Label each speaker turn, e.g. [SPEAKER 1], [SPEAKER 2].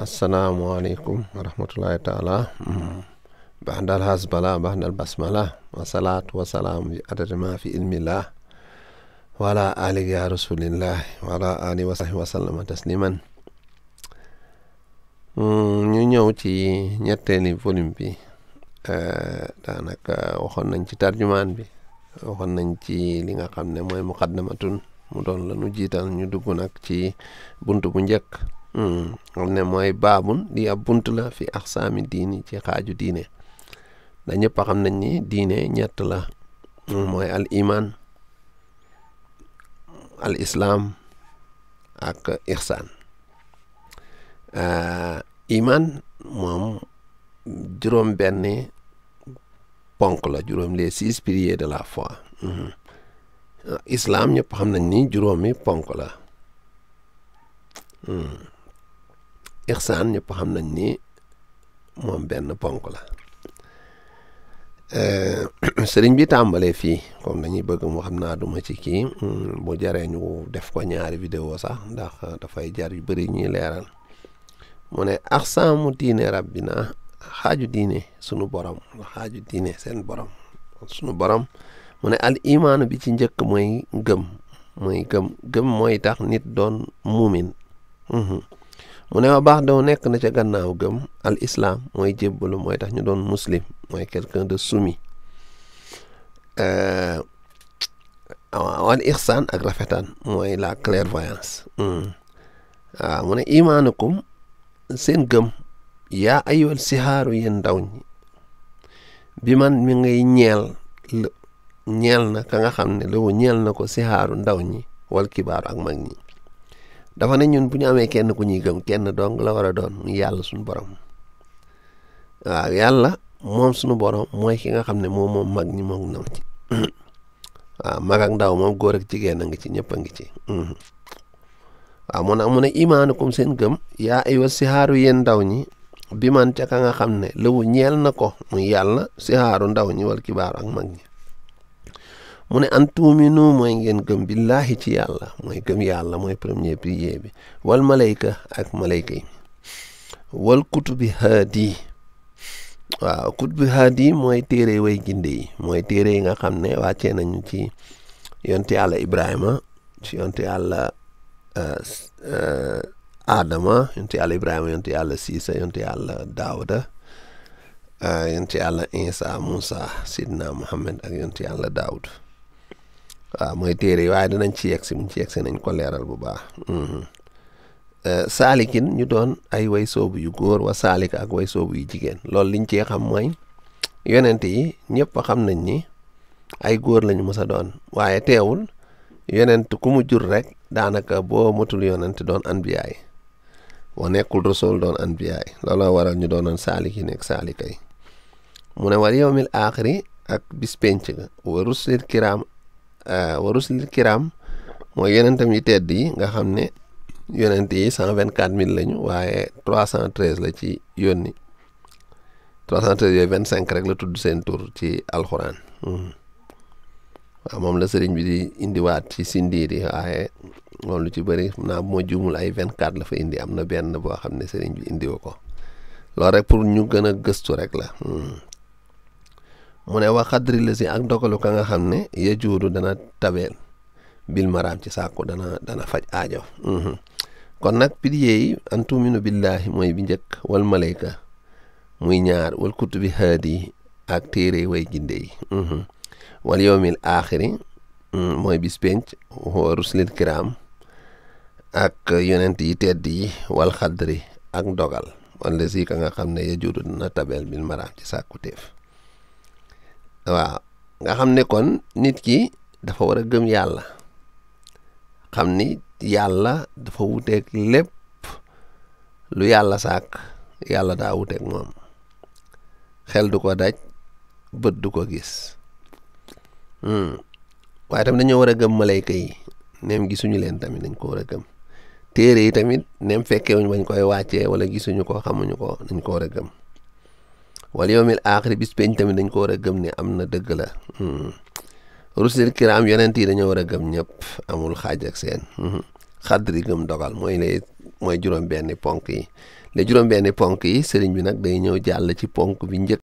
[SPEAKER 1] asalaamualeykum wa rahmatullahi taala baxdal hasbala baxdal basmala wasalaatu wasalaam bi adadama fi ilmillah wala ali ya wala ali wa tasliman hmm, ñu ñëw ci ñetteeli volume bi eh, daanaka waxoon nañ ci tarjumaan bi waxoon nañ ci li nga xam ne mooy muqaddamatun mu doon la nu jiital ñu dugg nag ci bunt bu njëkk Hmm. xam ne mooy baabun di ab bunt la fi axsaami diini ci xaaju diine da ñëpp xam nañ ni diine ñett la mooy al iman al islaam ak ixsaan eh, imaan moom juróom benn ponk la juróom les six piliers de la foi hmm. islam ñëpp xam nañ ni juróomi ponk la hmm. Ihsan ñëpp xam nañ ni moom benn ponk la eh, sëriñ bi tàmbalee fii comme dañuy bëgg mu xam naa duma ci kii mm, bu jaree ñu def ko ñaari vidéo sax ndax dafay jar yu bari ñuy leeral mune ne axsaamu diine rabbina xaaju diine sunu borom xaaju diine seen borom sunu borom mu al imaanu bi ci njëkk mooy gëm mooy gëm gëm mooy tax nit doon muumin mm-hmm. mu wa baax daw nekk na ca gannaaw gëm al islaam mooy jébbalu mooy tax ñu doon muslim mooy quelqu'un de soumis euh, wal ixsaan ak rafetaan mooy la clairvoyance hmm. waaw imaanukum seen gëm yaa ayyuhal sihaaru yéen ndaw ñi bi man mi ngay ñeel ñeel na ka nga xam ne loolu ñeel na ko sihaaru ndaw ñi wal kibaaru ak mag ñi dafa ne ñun bu ñu amee kenn ku ñuy gëm kenn dong la war a doon muy yàlla suñu borom waaw yàlla moom suñu mooy ki nga xam ne moom moom mag ñi moom nam ci waaw ndaw moom góor ak jigéen a ngi ci ñëpp a ngi ci mm-hmm. waaw mu ne mu ne seen gëm yaa aywa sihaaru yéen ndaw ñi bi man ca nga xam ne lu ñeel na ko muy yàlla sihaaru ndaw ñi wal kibaar ak mag ñi mu ne an tuuminu mooy ngeen gëm billaahi ci yàlla mooy gëm yàlla mooy premier prier bi wal malayka ak malayka yi wal kutubi haadi waaw kutubi haadi mooy téere way ginde yi mooy téere yi nga xam ne wàccee nañu ci yonte yàlla ibrahima ci yonte yàlla aadama euh, euh, yonte yàlla ibrahima yonte yàlla siisa yonte yàlla daawuda euh, yonte yàlla insa muusa sidna muhammad ak yonte yàlla daawud waaw mooy téere yi waaye dinañ ci yegsi mu ci yegsi nañ ko leeral bu baax mhm. eh, saalikin ñu doon ay way soobu yu góor wa saalik ak woy soobu yu jigéen loolu liñ cee xam mooy yonent yi ñëpp xam nañ ni ay góor lañu mës a doon waaye teewul yonent ku mu jur rek daanaka boo matul yonent doon anbiyaay boo nekkul rasul doon anbiyaay a waral ñu doonoon saaliki nekk saalikay mu ne war yowmil aaxiri ak bis wa rusul kiraam Eh, wa rusulil kiraam mooy yonentam yi tedd yi nga xam ne yonent yi cent vingt quatre mille lañu waaye trois cent la ci yónni trois cent treize yooyu vingt cinq rek la tudd seen tur ci alxuraan hmm. moom la sëriñ bi di indiwaat ci sindiir yi waaye moom lu ci bëri naa moo juumul ay vingt quatre la fa indi am na benn boo xam ne sëriñ bi indiwa ko loolu rek pour ñu gën a gëstu rek la hmm. mu ne wa xadri la si ak ndogalu ka nga xam ne ya juudu dana tabeel bil maraam ci sàkku dana dana faj aajo mhm. kon nag pilier yi an tuminu mooy bi njëkk wal malayka muy ñaar wal kutubi haadi ak téere way ginde yi mhm. wal yowmil aaxiri mm, mooy bis penc wa ruslil kiraam ak yonent yi tedd yi wal xadri ak ndogal wala si ka nga xam ne ya juudu dana tabeel bil maraam ci sàkku teef waaw nga xam ne kon nit ki dafa war a gëm yàlla xam ni yàlla dafa wuteeg lépp lu yàlla sàkk yàlla daa wuteeg moom xel du ko daj bët du ko gis hmm. waaye tamit dañoo war a gëm malayka yi neem gisuñu leen tamit dañ ko war a gëm téere yi tamit neem fekkewuñ bañ koy wàcce wala gisuñu ko xamuñu ko dañ ko war a gëm wala yawmil aaxiri bis peñ tamit dañ ko war a gëm ne am na dëgg la hmm. rusul kiram yonent yi dañoo war a gëm ñëpp amul xaaj ak seen hmm. xadri gëm dogal mooy lay mooy juróom benni ponk yi le juróom benni ponk yi sëriñ bi nag day ñëw jàll ci ponk bi njëkk